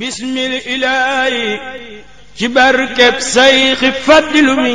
bismil ilaahi ci barkeb sayxi faddilu mi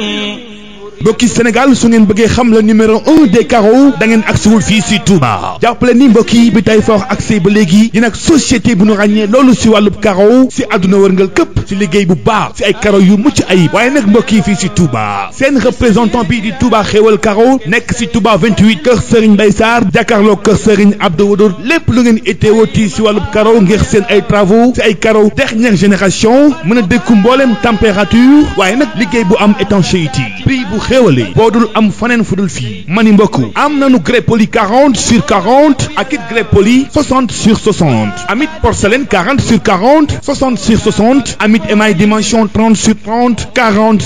mbokki Sénégal su ngeen bëggee xam la numéro un des carreaux da ngeen agsiwul fii si Touba jàppale ni mbokk yi bi tay fa wax accès ba léegi dina ak société bu nu ràññee loolu si wàllub carreau si adduna wërngal këpp si liggéey bu baax si ay carreau yu mucc ayib waaye nag mbokk yi fii si Touba seen représentant bii di Touba xéewal carreau nekk si Touba 28 kër Serigne Mbaye Sarr jàkkaarloo kër Serigne Abdou Wadour lépp lu ngeen itteewooti si wàllub carreau ngir seen ay travaux si ay carreau dernière génération mën a dékku mbooleem température waaye nag liggéey bu am étanchéité prix bu xéewale boo dul am faneen fu dul fii mani mbokku am nanu grès poli 40 sur 40 ak it grès poli 60 sur 60 amit porcelaine 40 sur 40 60 sur 60 amit émail dimension 30 sur 30 40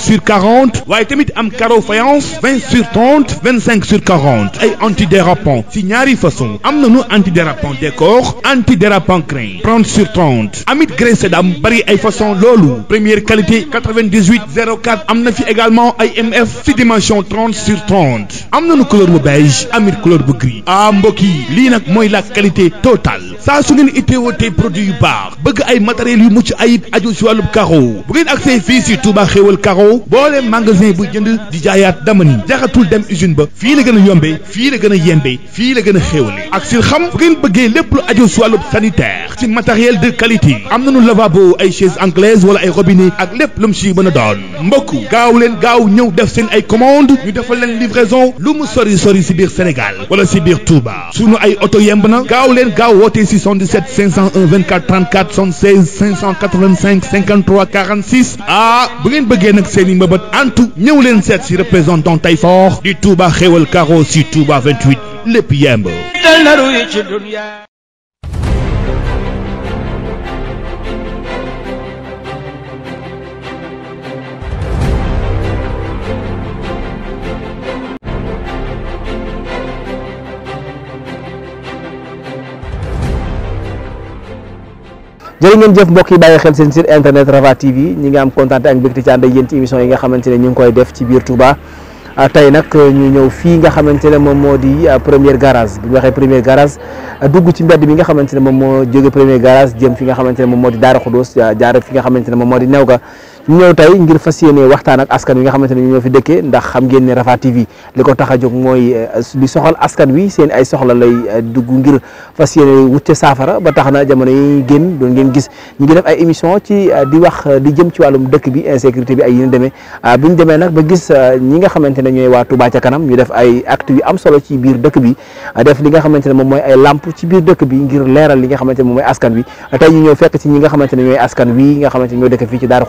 am carreau faïence sur 30 25 sur 40 si ñaari façon am nanu antidérapant décor antidérapant crin 30 sur amit grès sédam bari ay façon loolu première qualité am na fi également ay MF fi dimension 30 sur 30 am nañu couleur bu beige amit couleur bu gris ah mbokk yi lii nag mooy la qualité totale saa su ngeen itteewatee produit yu baax bëgg ay matériels yu mucc ayib aju si wàllub caro bu ngeen accès fii si Touba xéewal caro boole magasin bu jënd di jaayaat dama damani jaxatul dem usine ba fii la gën a yombee fii la gën a yembee fii la gën a xéewale ak si xam bu ngeen bëggee lépp lu aju si wàllub sanitaire si matériel de qualité am nañu lavabo ay chaise anglaise wala ay robinet ak lépp lu mu si mën a doon mbokk def seen ay commande ñu defal leen livraison lu mu sori sori si Sénégal wala si biir Touba sunu ay oto yemb na gaaw leen gaaw woote 77 501 24 34 76 585 53 46 ah bu ngeen bëggee nag seen i mbëbët antu ñëw leen seet si représentant Tayfort di Touba xéwal Caro si Touba 28 lépp yemb. jërë ngeen jëf mbokk yi bàyyi xel seen site internet Rafah TV ñi ngi am kontaan ak mbégte ci ànd ak yéen ci émission yi nga xamante ne ñu ngi koy def ci biir Touba ah, tey nag euh, ñëw fii nga xamante ne moom moo di euh, première garage bu ñu waxee première garage euh, dugg ci mbedd mi nga xamante ne moom moo jóge première garage jëm fi nga xamante ne moom moo di Daara Khoudoss jaara fi nga xamante ne moom moo di Newga ñëw tey ngir fas yéene waxtaan ak askan wi nga xamante ne ñoo fi dëkkee ndax xam ngeen ne Rafah TV li ko tax a jóg mooy eh, di soxal askan wi seen ay soxla lay eh, dugg ngir fas yéene wut ca saafara ba tax na jamono yi génn doon ngeen gis ñu ngi def ay émission ci eh, di wax di jëm ci wàllum dëkk bi insécurité bi ay yéen demee ah, ñu demee nag ba gis ñi nga xamante ne ñooy waa ca kanam ñu def ay acte yu am ci biir dëkk bi def li nga xamante ne moom mooy ay lamp ci biir dëkk bi ngir leeral li nga xamante ne moom mooy askan wi tey ñu ñëw fekk ñi nga xamante ne ñooy askan wi nga xamante ne ñoo dëkk fii ci Daaru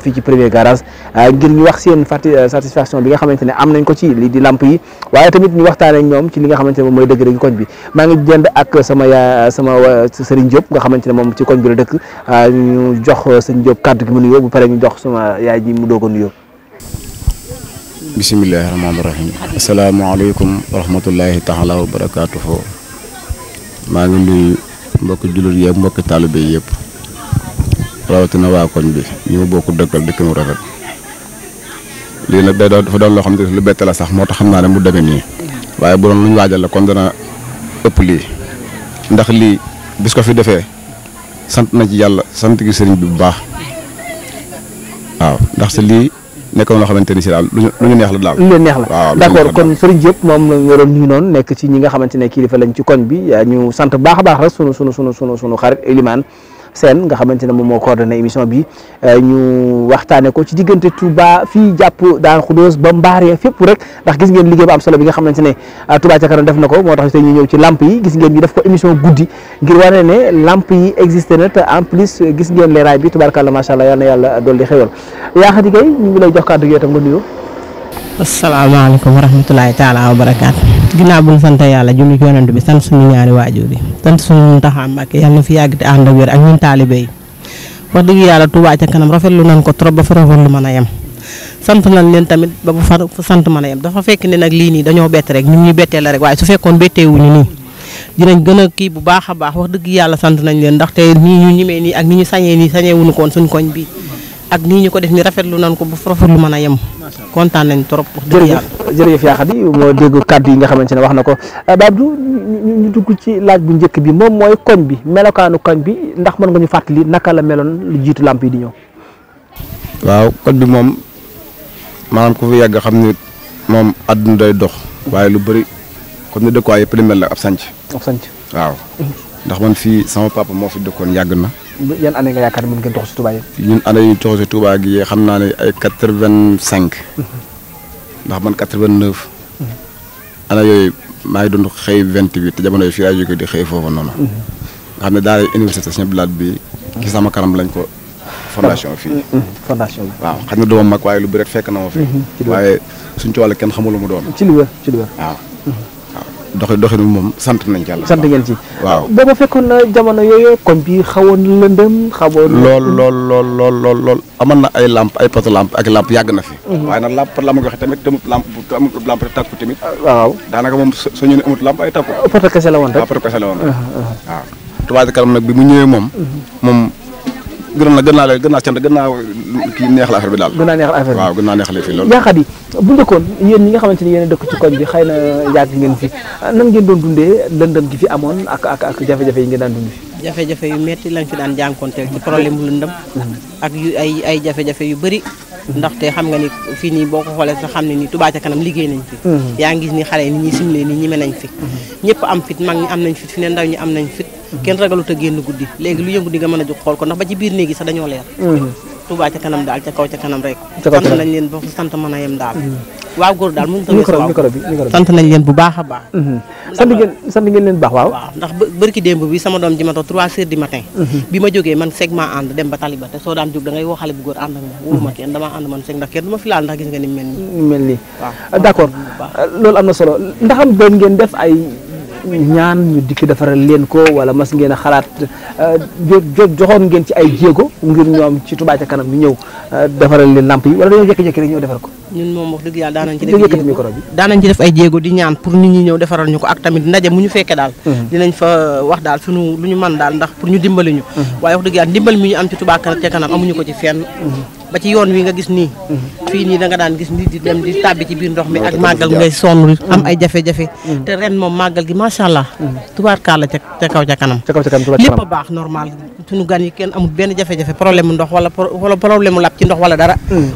fii ci premier garage euh, ngir ñu wax seen euh, satisfaction bi nga xamante ne am nañ ko ci lii di lamp yi waaye tamit ñu waxtaanee ñoom ci li nga xamante ne moom mooy dëgg bi maa ngi jënd ak sama sama Serigne Diop nga xamante ne moom ci koñ bi la dëkk euh, ñu jox sa Diop kàddu gi mu nuyoo bu pare ñu jox sama yaay ji mu doog a nuyoo. bisimilah rahmaani rahiim asalaamaaleykum wa rahmatullahi taala wa barakaatuhu maa ngi nuyu mbokki jullit yëpp mbokki taalibe yëpp. rawatina waa koñ bi ñu ma bokk dëkkal dëkk mu rafet lii nag day dafa doon loo xam ne lu bett la sax moo tax xam naa ne nii waaye bu doon lu ñu waajal la kon dana ëpp lii ndax lii bis ko fi defee sant na ci yàlla sant gi sëriñ bi bu baax waaw ndax si lii nekkoon loo xamante ni si daal lu ñu neex la daal. lu ñu neex la d'accord kon sëriñ yëpp moom la ñu waroon ñu nekk ci ñi nga xamante ne kii kilifa lañ ci koñ bi ñu sant baax a baax rek sunu sunu sunu sunu sunu xarit Elimane Sène nga xamante moom moo coordonné émission bi euh, ñu waxtaane ko ci diggante Touba fii jàpp daan xudóos ba mbaaree fépp rek ndax gis ngeen liggéey bu am solo bi nga xamante ne euh, ca kanam def na ko moo tax tey ñu ñëw ci lamp yi gis ngeen ñu def ko émission guddi ngir wane ne lamp yi existé na te en plus gis ngeen leeraay bi tubaarkàlla macha allah yal na yàlla dolli xéwal yaa xati ñu lay jox kàddu gi itam nga nuyoo asalaamaaleykum wa rahmatulahi taala wa barakaatu ginnaaw bu ñu sant yàlla julli ci yonent bi sant suñu ñaari waajur yi sant suñu Muntaxa Mbàkke yàlla na fi yàgg te ànd ak wér ak ñun taalibe dëgg yàlla Touba ca kanam rafetlu nañ ko trop ba fa rafetlu man a yem sant nañ leen tamit ba bu fa sant mën a yem dafa fekk ne nag lii nii dañoo bett rek ñun ñu bettee la rek waaye su fekkoon betteewuñu nii dinañ gën a kii bu baax a baax wax dëgg yàlla sant nañ leen ndaxte nii ñu ñimee nii ak ni ñu sañee nii sañee wuñu koon suñ koñ bii ak nii ko def ni rafetlu nañ ko ba foofu lu mën a yem kontaan nañ trop wax dëgg yàlla yaa Khady moo dégg kàddu yi nga xamante ne wax na ko euh, Babou ñu dugg ci laaj bu njëkk bi moom mooy koñ bi melokaanu koñ bi ndax mën nga ñu fàttali naka la meloon lu jiitu làmp yi di ñëw waaw koñ bi moom maanaam ko fi yàgg xam ni moom àdduna day dox waaye lu bëri comme ni dëkkuwaay yëpp la ab sanc ab sanc waaw ndax man fii sama papa moo fi dëkkoon yàgg na yan année nga yaakaar mën ngeen toxu si Touba yi. ñun année yi toxu si Touba gi xam naa ne ay quatre vingt cinq. ndax man quatre vingt neuf. année yooyu maa ngi doon xëy vingt huit te jamono yi fii laa jógee di xëy foofu noonu. nga xam ne daal université Sëñ Abdou bi ci sama kanam lañ ko. fondation fii. Mm, mm, mm, fondation bi waaw xam na doomam mag waaye lu bëri fekk na ma fi. waaye suñ tool kenn xamul mu doon. ci lu wér ci waaw. doxi doxin bi moom sant nañ ci yàlla. sant ngeen ci waaw. booba fekkoon na jamono yooyu koñ bi xawoon lëndëm xawoon. lool lool lool lool lool lool amoon na ay lamp ay poto ak lamp yàgg na fi. Mhm. waaye nag la ma ko waxee tamit tamit lamp bu amul lamp rek tàkku tamit. Ah, waaw daanaka moom suñu ne amut lamp ay tàkku. poto kese la woon rek waaw ah, poto kese la woon rek. Ah, waaw Touba ca kanam nag bi mu ñëwee moom. Mhm. moom. gën la gën naa la gën naa sant gën naa kii neexal affaire bi daal gën naa neexal affaire bi waaw gën naa neexal fii loolu yaaxat yi bu njëkkoon yéen ñi nga xamante ni yéen dëkk ci koñ bi xëy na yàgg ngeen ngeen fi daan dund fi jafe-jafe yu metti yu ay ay jafe-jafe nga ni fii nii boo ko xoolee sax xam ne ni Touba ca kanam liggéey nañ fi mm-hmm. yaa ngi gis ni xale ni ñuy simlee ni ñi me nañ fi mm-hmm. ñëpp am fit mag ñi am nañ fit fi ne ndaw ñi am nañ fit kenn ragalut a génn guddi léegi lu yëngu di nga mën a jóg xool ko ndax ba ci biir néegi sax dañoo leer mhm. Touba ca kanam daal ca kaw ca kanam rek sant mhm. nañ leen bu baax a baax mhm. sant ngeen sant ngeen leen baax waaw waaw ndax bërki démb bi sama doom ji trois heures du matin bi ma jógee man segment ànd dem ba taliba te soo daan jóg da ngay bu góor ànd ak moom wóoruma kenn damaa ànd man seg ndax kenn du ma ndax gis nga ni mel nii mel ñaan ñu dikk defaral leen ko wala mas ngeen a xalaat euh, joxoon ngeen ci ay jéego ngir ñoom ci Touba ca kanam ñu ñëw euh, defaral leen lamp yi wala dañoo jékki-jékki defar ko ñun moom wax dëgg yàlla daanañ ci def daanañ ci def ay jéego di ñaan pour nit ñi ñëw defaral ñu ko ak tamit ndaje mu ñu fekkee daal dinañ fa euh, wax daal suñu lu ñu mën daal ndax pour ñu dimbali ñu waaye wax dëgg yàlla ndimbal mi ñu am ci Touba ca kanam amuñu ko ci fenn ba ci yoon wi nga gis nii fii nii da nga daan gis nit di dem di tàbbi ci biir ndox mi ak màggal ngay sonn mm. am ay jafe-jafe mm. te ren moom màggal gi macha allah mm. tubaarkàlla ca ca kaw ca kanam lépp a baax normal suñu gan kenn amul benn jafe-jafe problème ndox wala problème lap ci ndox wala dara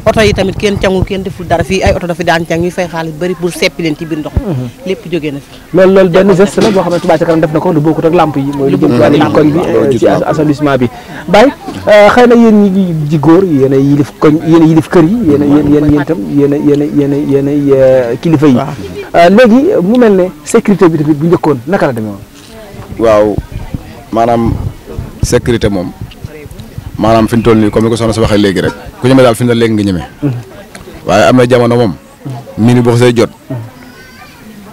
oto yi tamit kenn cangul kenn deful dara fii ay oto dafi daan càng ñuy fay xaalis bëri pour seppi leen ci biir ndox mm-hmm. lépp jógee na fi loolu loolu benn geste la boo xam ne Touba ca kanam def na ko a yilif a yéen yéen itam yéen a yéen a yéen a kilifa yi. Euh, léegi mu mel ne sécurité bi tamit bu njëkkoon naka la demee waaw maanaam sécurité moom maanaam fi ñu nii comme ni ko soxna si waxee léegi rek ku ñeme daal fi léegi nga ñeme. Mhm. waaye am na jamono moom. Mhm. nit ñi boo xasee jot. Mhm.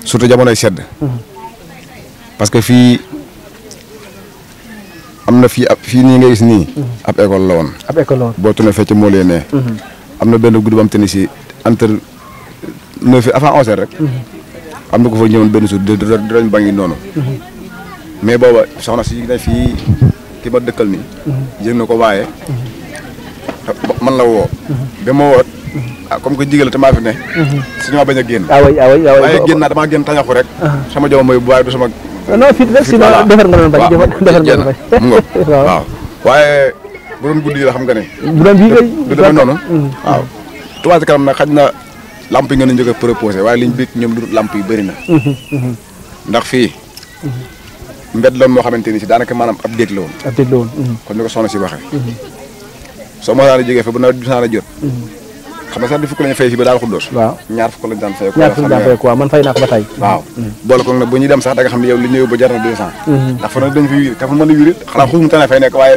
surtout jamonoy sedd. parce que fii am na fii ab fii nii nga gis nii. ab école la woon. ab école la fecc moo am na benn guddi ba am te si entre neuf avant onze heures rek. am na ko fa ñëwoon benn suuf di doon bañ noonu. mais booba soxna si ne fii ki ma dëkkal nii. yëg na ko waaye. man la woo. ba ma woo ah que jigéen la te maa fi ne. suñu ma bañ a génn. ah oui ah oui ah, ah. nga waaw waaye. bu doon guddi la xam nga ne. bu demee noonu. waaw Touba Kanam nag xaj na lamp yi ngeen a njëkk a proposé waaye liñ bëgg ñoom lu lamp yi bëri na. ndax fii. mbedd la moo xamante ni si la mhm. waxee. soo ma daan jógee fa bu nawet bi daan jot. xam nga sax di fukk lañu fay si ba daal xuddoos waaw ñaar fukk lañu daan fay ñaar fukk lañu daan fay quoi man fay naa ko ba tey waaw mhm. boole ko nag bu ñuy dem sax da nga xam ne yow li ñëw ba jar na deux cent mhm. ndax fa na dañ fi wiir ka fa mën a nekk waaye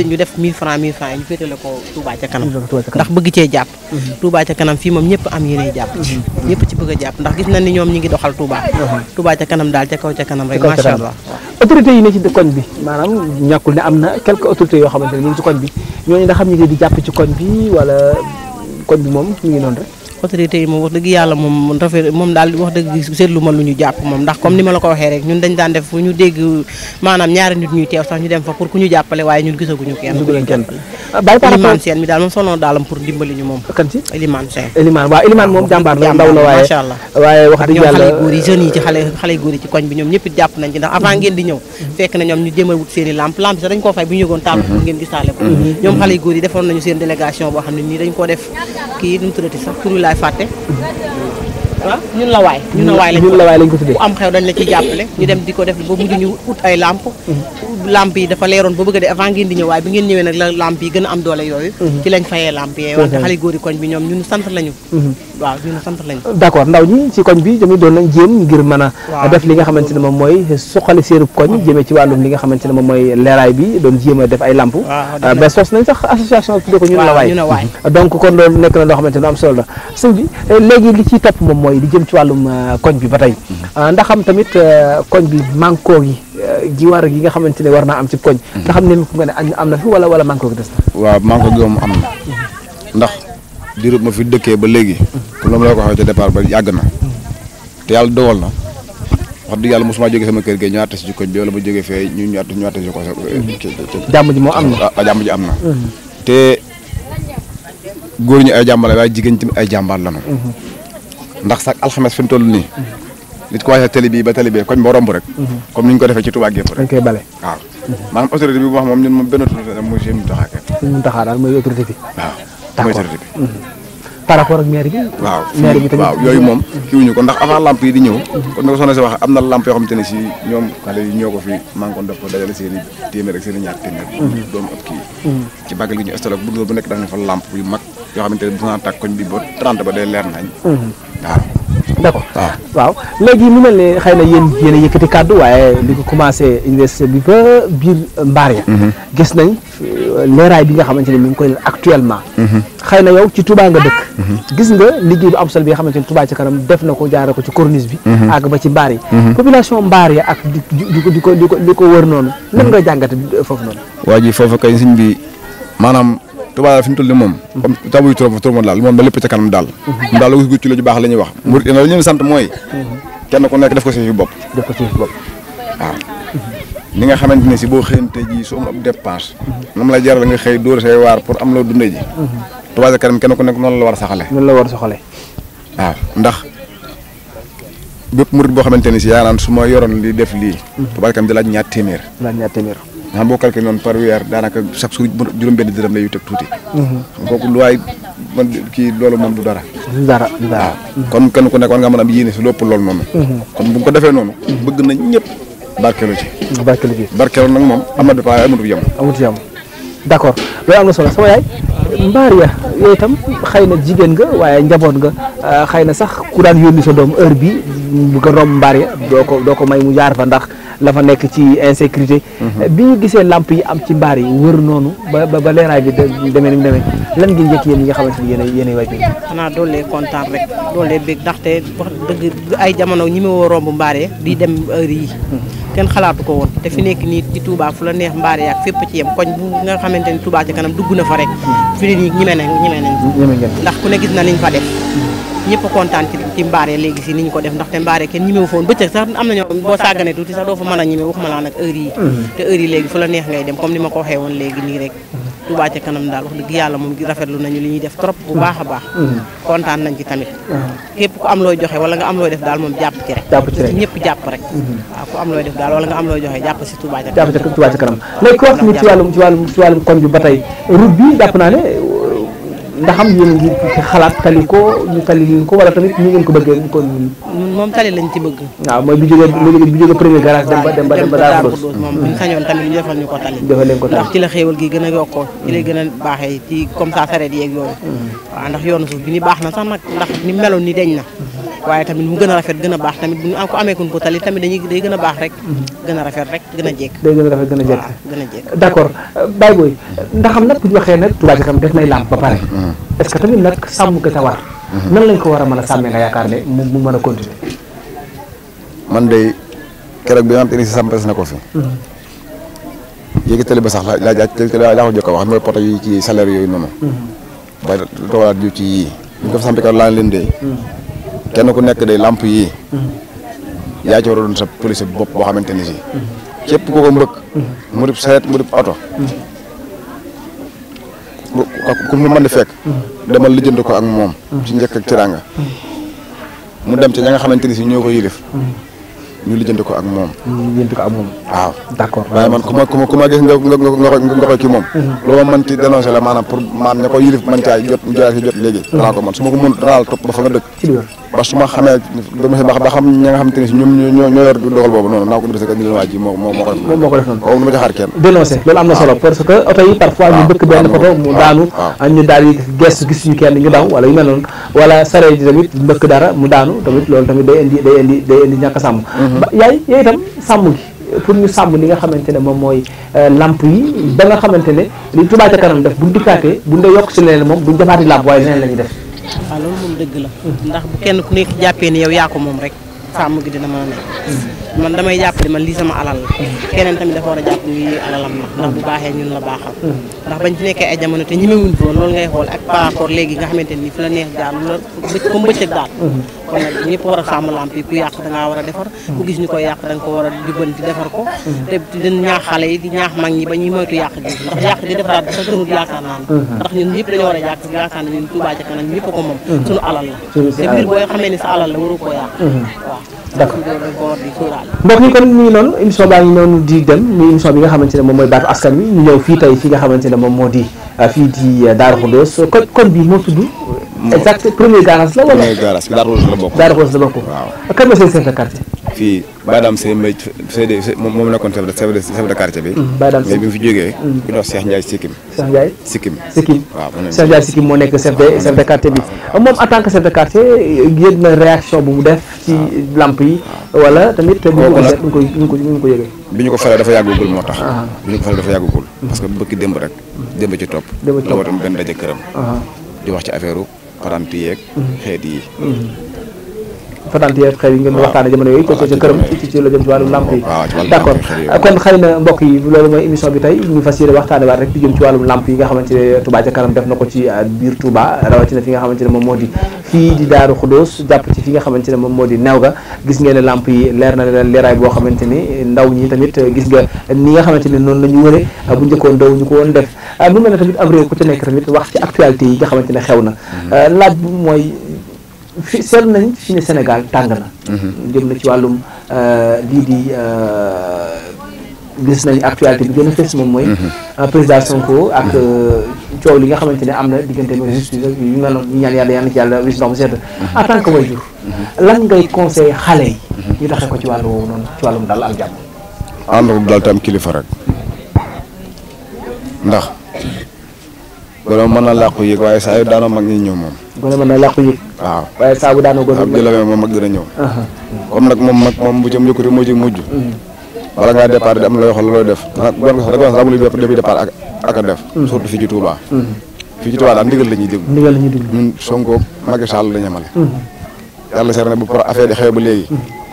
ñu def 1000 francs 1000 francs yi ñu féetale ko ndax bëgg cee jàpp mhm. Touba ca kanam fii moom ñëpp am yéene jàpp ci mhm. ñëpp ci bëgg a jàpp ndax gis na ni ñoom ñi ngi doxal Touba mhm. Touba ca kanam daal ca kaw ca kanam rek macha allah autorité yi ne ci koñ bi maanaam ñàkkul ne am na quelques autorités yoo xamante ne ñu ngi ci koñ bi ñooñu nga xam ñi ngi di jàpp ci koñ bi wala koñ bi moom ñu ngi noonu rek autorité waaye ñun xale yi jeunes ci koñ bi ñoom ñëpp it jàpp nañ ci ndax avant ngeen di ñëw fekk na ñu jéem a wut seen i lamp lamp sax dañ koo fay bu ñu yëgoon tàll pour ngeen gisaale ko mm-hmm. ñoom xale góor yi defoon nañu seen délégation boo xam ne nii dañ koo def kii nu mu tuddati sax laay fàtte ah ñun la waay ñun la waay lañ ko tuddee bu am xew dañ la ci jàppale ñu dem di ko def ba mujj ñu ut ay lamp mhm. lamp yi dafa leeroon ba bëgg de avant ngeen di ñëw bi ngeen ñëwee nag la lamp yi gën a am doole yooyu mhm. ci lañ fayee koñ bi mhm. doon nañ jéem ngir mën a def li nga xamante mooy suqali seenu koñ jëmee ci wàllum li nga xamante mooy leeraay bi doon jéem a def ay lamp ba ah, sos nañ sax association tuddee ko ñun la waay donc kon loolu nekk na loo xamante ne am solo la sëñ bi eh, léegi li ci topp moom mooy li jëm ci wàllum euh, koñ bi ba tey mm-hmm. euh, ndax tamit euh, koñ bi manko yi ji war yi nga xamante ne war naa am ci koñ mm-hmm. ndax xam ne ku nga ne am na wala wala manko des waaw manko gi moom mm-hmm. ndax diirub ma fi dëkkee ba léegi comme la ma ba yàgg na te yàlla na wax dëgg yàlla mosuma jógee sama kër gi ñaata si ci koñ bi wala ma jàmm ji moo am na ah, ji am na góor ñi ay jàmbaar la waaye jigéen ay jàmbaar la ñu ndax sax alxames fi mu toll nii. nit ko waxee tali bii ba tali bee koñ boo romb rek. comme ni ko defee ci Touba gépp rek. dañ koy bale waaw. mu wax moom ñun muy autorité bi. waaw mhm. yooyu mhm. moom. kii wuñu ko ndax avant mhm. lamp yi di ñëw. kon na ko soxna si wax am na lamp yoo xamante ne si ñoom xale yi ñoo ko fi manqué def ko dajale seen i téeméer ak seen i ñaar téeméer. doom ab kii. ci bàggal gi ñu bu nekk dafa ne fa lamp yu mag yoo xamante ne dinaa tàkk koñ bi ba 30 ba day leer nañ. Mhm. waaw. d' accord waaw léegi mu mel ne xëy na yéen a yëkkati kàddu waaye li ko commencé université bi ba biir mbaar ya mhm. gis nañ euh, leeraay bi nga xamante ne mi ngi koy leer actuellement mhm. xëy na yow ci Touba nga dëkk gis nga liggéey bu am solo bi nga xamante ne Touba ci kanam def na ko jaare ko ci corniche bi àgg ba ci mbaar yi population mbaar ya ak di ko di ko di ko wër noonu lan nga jàngate foofu noonu waa tubaab fi mu toll nii moom comme tabuy trop trop moom daal moom na lépp ca kanam daal moom daal la ci lu ju baax la ñuy wax murit la ñu sant mooy kenn ku nekk def ko si bopp def ko ni nga xamante ni si boo xëyante ji su am ab dépense moom la jaral xëy dóor say waar pour am loo dundee ji Touba ca kanam kenn ku nekk noonu la war a saxale noonu la war saxale waaw ndax bépp murit boo xamante ni si yaa naan su ma yoroon li def lii Touba ca kanam di laaj ñaar téeméer laaj nga xam boo calculé noonu par weer daanaka chaque jour juróom-benn dërëm la yu teg tuuti. Mhm. kooku lu waay kii loolu moom du dara. du dara waaw. kon kenn ku nekk war nga mën a am yéene si lépp loolu noonu. Mhm. kon bu ko defee noonu. Mhm. bëgg nañ ñëpp barkeelu ci. barkeelu ci barkeelu nag moom Amadou Ba amatu yem. amatu yem d'accord loolu am na solo sama yaay. mbaar ya yooyu itam xëy na jigéen nga waaye njaboot nga ah, xëy na sax ku daan yónni sa doom heure bi bu ko romb mbaar ya doo ko may mu jaar fa ndax la fa nekk ci insécurité mhm. bi ñu gisee làmp yi am ci mbaar yi wër noonu ba ba leeraay bi demee ni mu demee lan gi njëkk yéen ñi nga xamante ni yéen a yéen ay wàcc xanaa kontaan rek doolee bég ndaxte wax ay jamono ñi ma woo romb mbaar ya dem heure yi mhm. kenn xalaatu ko woon te nekk nii ci tuubaa fu la neex mbaar yaak fépp ci yem koñ nga xamante ni Touba ci kanam dugg na fa rek mhm. fi ne nii ñime nañ ñime nañ ndax ku ne gis na liñ fa def ñëpp kontaan ci ci mbaare léegi si ni ñu ko def ndaxte mbaare kenn ñimewu foon bëccëg sax am na ñoo boo sàggane tuuti sax doo fa mën a ñime waxuma laa nag heure yi mm-hmm. te heure yi léegi fu la neex ngay dem comme ni ma ko waxee nii rek mm-hmm. Touba mm-hmm. am looy joxe wala nga am looy def daal moom jàpp ci rek ñëpp jàpp rek waaw ku am looy si Touba ca bi ba tey route jàpp naa ne ndaxam yéen ngi xalaat tali ko ñu tali leen ko wala tamit ñu ngeen ko bëggee ñu ko. moom tali lañ ci bëgg. waaw mooy bu jógee bi jógee premier garage. dem ba dem ba dem ba Darou Khoudoss moom bu ñu sañoon tamit ñu defal ñu ko tali. ndax ci la xéewal gi gën a yokkoo. ci lay gën a baaxee ci comme ça sareet yeeg yooyu. Mm. waaw ndax yoonu suuf bi ni baax na sax nag ndax ni meloon ni deñ na. waaye tamit mu gën a rafet gën a baax tamit bu ñu ko gën a baax rek mhm. gën a rafet rek gën a jekk day gën a rafet a jekk gën a xam nag bu ñu waxee nag Touba Ca Kanam def nay làmp ba pare mhm. est que tamit nag ko ca war mhm. lañ ko war a mën a sàmmee nga yaakaar ne mu mën a continuer man day keroog bi nga xam te na ko fi yéegi tali ba sax laa laa laa ko jëkk a wax mooy poto yi ci salaire yooyu noonu ba toogalaat ju ci yii ñu ko fa sàmpe ko laa leen dee kenn ku nekk day làmp yii yaa ci war doon sa police bopp boo xamante ni si képp ku ko mu dib saret mu dib oto ku mu mën di fekk dama lijjënd ko ak moom ci njëkk ak tiranga mu dem ci ña nga xamante ni si ñoo ko yilif ñu lijjanti ko ak moom. ñu lijjanti ko ak moom. waaw d'accord waaye man ku ma ku ma ku ma gis nga nga nga nga ci moom. Mhm. lu ma mën ci dénoncé maanaam pour maanaam ña ko yilif mën caa jot jot léegi. Mhm. danaa ko su ma ko mën danaa la topp ba fa nga dëkk. ba su ma xamee ba xam ñi nga xamante ne si ñoom ñoo ñoo yor dogal boobu noonu naa ko dressé ak ni leen moo ko def moom moo ko def noonu am na solo parce que oto yi parfois ñu bëkk benn oto mu daanu ñu daal mu daanu tamit loolu tamit day indi day indi day indi ñàkk sàmm mhm. yaay yaay itam sàmm li nga xamante ne moom mooy euh, lamp yi ba nga xamante ne li Touba ca kanam def buñ dikkaatee buñ dee yokk si leneen moom buñ defaati lamp waaye leneen la def waaw loolu moom dëgg la. ndax bu kenn ku nekk jàppee ni yow yaa ko moom rek sàmm gi dina mën a nekk. man damay jàpp ne man lii sama alal la keneen tamit dafa war a jàpp ni lii alalam la ndax bu baaxee ñun la ko loolu nga xamante ni fu la neex daal lu la comme bëccëg daal war a sàmm lamp yi ku da ngaa a nga ko war a jubbanti defar yi di ñaax mag ñi ba ñuy moytu yàq ñun ñëpp a yàq yaakaar ko moom suñu alal la te mbir booy xamee ni sa alal la waru koo yàq mbokk yi kon ñu ngi noonu émission baa ngi noonu di dem muy émission bi nga xamante ne moom mooy baatu askan wi ñu ñëw fii tey fi nga xamante ne moom moo di euh, fii di euh, Darou Khoudoss kon kon bii moo tudd. exact premier garage la wala. premier garage bi Darou Khoudoss la bokk. Darou Khoudoss la bokk. waaw kan seen chef de fii Badam Seye Mbaye Seye moom nekkoon chef de chef de quartier bi. Mm, Badam Seye mais bi mu fi jógee. ku mm. dox Cheikh Ndiaye Sikkim. Cheikh Ndiaye Sikkim. Sikkim waaw Sikkim moo nekk chef de quartier bi. mu def. ci lamp yi. wala tamit. kooku nag bu ñu ko bu ñu ko yëgee. bi ñu ko faral dafa yàggagul moo tax. Ah. bi ñu ko faral dafa yàggagul. Mm. parce que bëgg démb rek. démb ci topp. démb ci topp la woote benn daje këram. Ah. di wax ci affaire u parent yeeg xeet yi fatante xew yi ngeen waxtaane jamono yooyu ca ca këram ci ci la jëm ci wàllu làmp yi d'accord kon xëy na xamante ne Touba ca kanam def na ko ci euh, biir Touba rawatina fi ne fi nga xamante ne moom moo di ga gis ngeen làmp yi leer na leeraay boo xamante ni ndaw ñi tamit euh, gis nga ni nga xamante ne noonu la ñu wëre euh, bu njëkkoon ndaw ñu ko woon def mu mel ne tamit am ku ci nekk tamit wax ci actualité yi nga xamante ne xew na mm-hmm. laaj bu mooy fi seetlu nañ fi ne Sénégal tàng na. Mhm. jëm na ci wàllum euh, lii di euh, gis nañ actualité bi gën a fës moom mooy. Mhm. Euh, président Sonko ak mhm. coow li nga xamante ne am na diggante mooy justice ak yu ñaan yàlla yàlla ci yàlla wis ndox mu sedd. en tant que waajur. lan ngay conseil xale yi. ñu doxee ko ci wàll woowu noonu ci wàllum dal ak jàmm. ànd ak dal tam kilifa rek ndax. gone man na làqu yëg waaye saa yu daanoo mag ñi ñëw moom gone mën na mag dina ñëw comme nag moom mag moom bu ci njëkkati moo ko sax rek amul depuis départ ak ak a def surtout fii ci Touba fii ci ndigal la ñuy déglu ndigal la ñuy déglu la ñu amale yàlla seer na bu pour affaire di xew ba léegi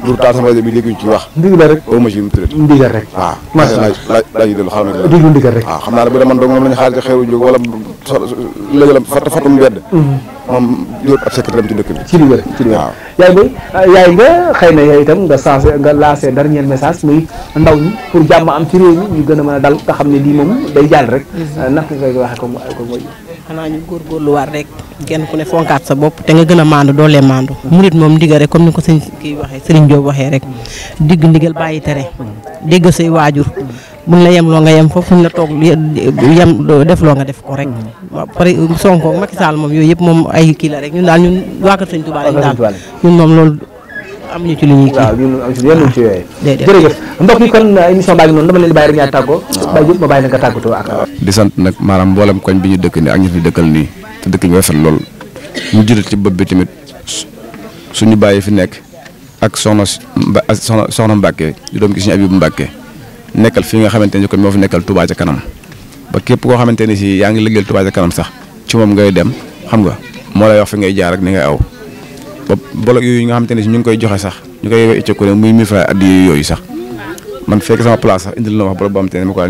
dur taal sama rajo bi dégguñ ci wax xam naa ne bu demoon moom la ñu xaar jóg wala léegalam fàtte fàttum mbedd mhm. moom jóot ab secrétaire ci dëkk bi ci digg ci digg waaw yaay boy yaay nga xëy na yaay itam nga sensé nga lancé dernier message muy ndaw ñi pour jàmm am ci réew mi ñu gën a mën a dal nga xam ne lii moom day jàll rek mhm. euh, naka nga koy waxee comme ko mooy xanaa ñu góorgóorluwaat rek ku ne fonkaat sa bopp te nga gën a maandu doolee maandu murit moom ndigal rek comme ni ko sëñ kii waxee sëriñ Diop waxee rek digg ndigal bàyyi tere mhm. dégg say waajur buñ la yemloo nga yem fa fuñ la toog yem def loo nga def ko rek. waaw pare um, Sonko Macky Sall moom yooyu yëpp moom ay kii la rek ñun daal ñun waa Kër Sëñ Touba lañ daal am ci yenn ci yooyu. Ah, déedéet jërëjëf mbokk yi kon uh, émission baa ngi noonu dama leen di bàyyi rek ñaari tàggoo. waaw ah. bàyyi yëpp di sant nag maanaam mboolem koñ bi ñu dëkk nii ak ñu fi dëkkal nii te dëkk bi rafet lool ñu jël ci bopp bi tamit suñu bàyyi fi nekk ak soxna soxna Mbacke di doom gi suñu Abibu Mbacke nekkal fi nga xamante ni kon moo fi nekkal Touba ca kanam ba képp koo xamante ni si yaa ngi liggéeyal Touba ca kanam sax ci moom ngay dem xam nga moo lay wax fi ngay jaar rek ni ngay aw ba bolok yooyu nga xamante ne si ñu ngi koy joxe sax ñu koy weccee ko ne muy mi fa addi yooyu sax man fekk sama place sax indil na wax bolok boo xamante ne ma ko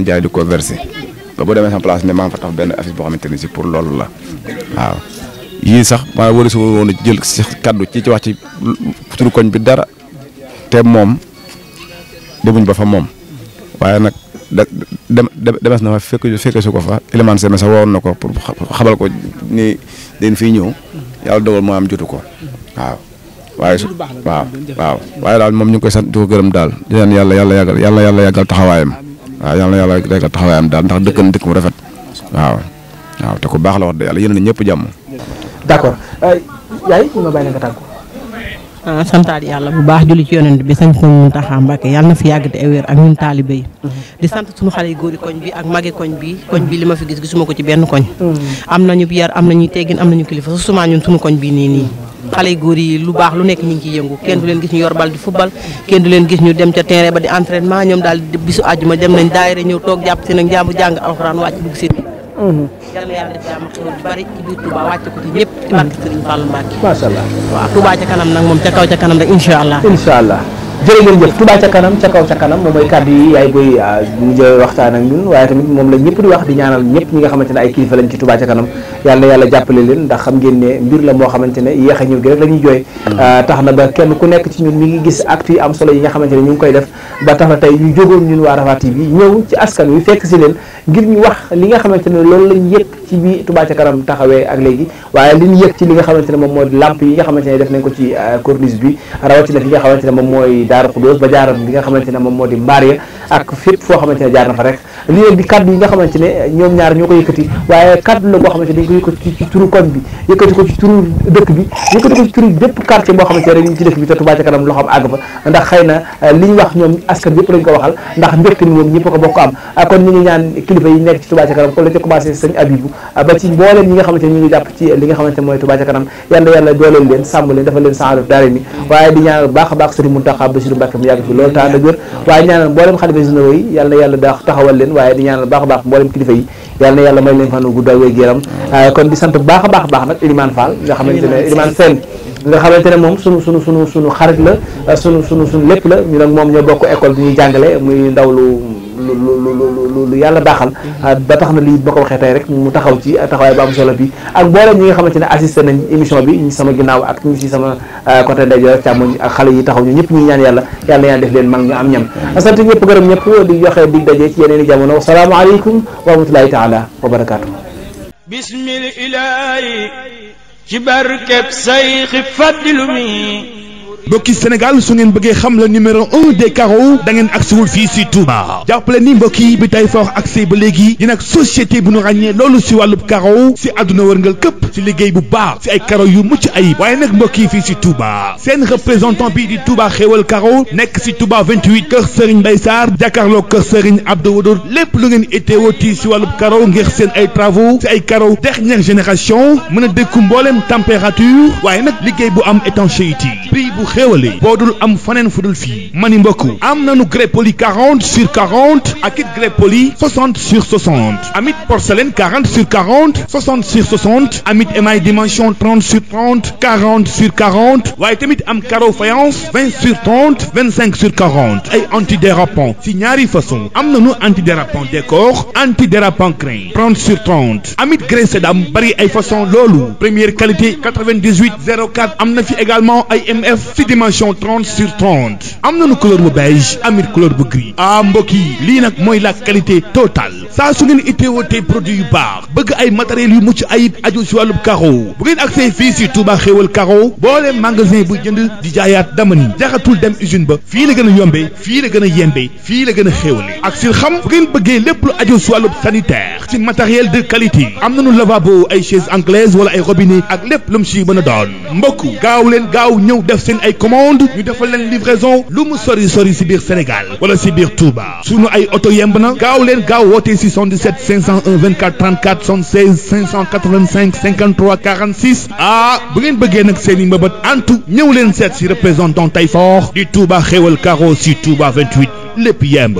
demee sama place ne maa ngi fa tax benn affiche boo xamante ne si pour loolu la waaw. yii sax maa wële si woon a jël si kaddu ci ci wax ci turu koñ bi dara te moom demuñ ba fa moom. waaye nag da demes na fa fekk fekke su ko fa iliman seen sa waroon na ko pour xabal ko ni den fii ñëw yàlla dogal moo am jotu ko waaw waaye su waaw waaw waaye daal moom ñu ngi koy sant di gërëm daal di leen yàlla yàlla yàggal yàlla yàlla yàggal taxawaayam waaw yàlla yàlla yàggal taxawaayam daal ndax dëkkan dëkk mu rafet waaw waaw te ku baax la wax dëgg yàlla yéen na ñëpp jàmm ah euh, santaat yàlla bu baax julli ci yonent bi sant nañu Muntaxa Mbàkke yàlla na fi yàgg te wér ak ñun taalibe yi mm-hmm. di sant suñu xale yu góori koñ bi ak magi koñ bi koñ bi li ma fi gis gisuma ko ci benn koñ mm-hmm. am nañu yar am nañu teggin am nañu kilifa su ñun suñu koñ bi nii nii xale yu góor yi lu baax lu nekk ñu ngi yëngu kenn du leen gis ñu yor di football kenn du leen gis ñu dem ca terrain di entraînement ñoom daal bisu àjjuma dem nañ daayira Mhm. yal na yàlla def jàmm xéwal bu bari ci biir Touba wàcc ko ci ñëpp ci barke Serigne kanam nag moom ca kaw ca kanam rek incha allah incha allah jërë ngeen jëf Touba ca kanam ca kaw ca kanam moom mooy kàddu yi yaay booy mujj ah, waxtaan ak ñun waaye tamit moom la ñëpp ci la moo xamante a ñëw gi rek la ñuy jooy mm. ah, li nga xamante moom mooy lamp yi nga xamante ne def nañ ko ci ah, corniche bi rawatina fi nga xamante moom mooy Daaru Xudóos ba jaaroon li nga xamante ne moom moo di mbaar ya ak fépp foo xamante ne jaar na fa rek li leen di kaddu yi nga xamante ne ñoom ñaar ñoo ko yëkkati waaye kaddu la boo xamante ne dañ ko yëkkati ko yëkkati ko ci turu boo xamante ne euh, ñoom askan yëpp ko waxal ndax mbégte ah, la ca ah, xamante ne ñu ngi jàpp ci li nga leen sàmm leen dafa leen saaruf daara ni daa taxawal leen waaye di ñaanal baax a baax mboolem kilifa yi yàlla na yàlla may leen fan gudd ak wér yaram euh, kon di sant baax a baax a baax nag Elimane Fall nga xamante ne Elimane Sène nga xamante ne moom sunu sunu sunu xarit la euh, sunu sunu lépp la ñu nag moom ñoo bokk école bi ñuy jàngale muy ndaw lu lu lu lu lu yàlla baaxal ah, ba tax na lii ba ko rek mu taxaw ci taxawaay bu am solo bi ak mboolem ñi nga xamante ne assisté nañ émission bi ñi sama ginnaaw ak ñi ci sama ah, côté ndeyjoor càmmoñ ak xale yi taxaw ñu ñëpp ñuy ñaan yàlla yàlla yàlla def leen mag ñu am ñam sant ñëpp gërëm ñëpp di joxe dig daje ci yeneen jamono wasalaamu aleykum wa rahmatulahi taala bismil ilaahi ci barkeb sayxi faddilu mbokki Sénégal su ngeen bëggee xam le numéro un des carreaux da ngeen agsiwul fii si Touba jàppale ni mbokk yi bi tay fort accès ba léegi yéen société bu nu ràññee loolu si wàllu wàllub carreau si àdduna wërngal këpp si liggéey bu baax si ay carreau yu mucc ayib waaye nag mbokk yi fii si Touba seen représentant bii di Touba xéwal carreau nekk si Touba 28 kër Serigne Mbaye Sarr jàkkaarloo kër Serigne Abdou Wadour lépp lu ngeen itteewoti si wàllub carreau ngir seen ay travaux si ay carreau génération mën a dékku mbooleem température waaye nag liggéey bu am étanchéité prix bu xéewale boo dul am faneen fu dul fii mani mbokk am nanu grès poli 40 sur 40 akit grès poli 60 sur 60 amit porcelaine 40 sur 40 60 sur 60 amit émail dimension 30 sur 30 40 sur 40 waaye tamit am carreau faïence 20 sur 30 25 sur 40 ay antidérapant si ñaari façon am nanu antidérapant décor antidérapant sur amit grès sédam bari ay façon loolu première qualité am na fi également ay ñetti dimension 30 sur 30 am nañu couleur bu beige amit couleur bu gris ah mbokk lii nag mooy la qualité totale saa su ngeen itteewatee produit yu baax bëgg ay matériels yu mucc ayib aju si wàllub carreau bu ngeen accès fii si Touba xéewal carreau boole magasin bu jënd di jaayaat dama ni jaxatul dem usine ba fii la gën a yombee fii la gën a yembee fii la gën a xéewale ak si xam bu ngeen bëggee lépp lu aju si wàllub sanitaire ci matériel de qualité am na nañu lavabo ay chaise anglaise wala ay robinet ak lépp lu si mën a doon ay commande ñu defal leen livraison lu mu sori sori si biir Sénégal wala si biir Touba sunu ay oto yemb na gaaw leen gaaw woote 77 501 24 34 76 585 53 46 ah bu ngeen bëggee nag seen i mbëbët antu ñëw leen seet si représentant Tayfort di Touba xéwal caro si Touba 28 lépp yemb